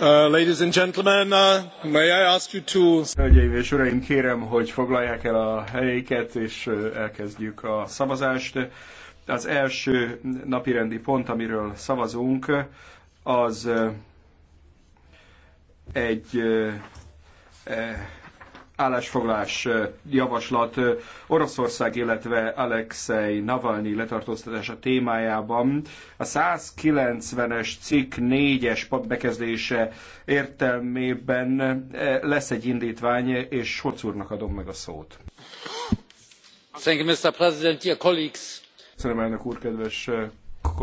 Uh, ladies and gentlemen, uh, may I ask you to... Hölgyeim és uraim, kérem, hogy foglalják el a helyeket, és uh, elkezdjük a szavazást. Az első napirendi pont, amiről szavazunk, az uh, egy állásfoglalás javaslat Oroszország, illetve Alexei Navalnyi letartóztatása témájában. A 190-es cikk 4-es bekezdése értelmében lesz egy indítvány, és Sorc úrnak adom meg a szót. Thank you, Mr. President, dear colleagues. Köszönöm, elnök úr, kedves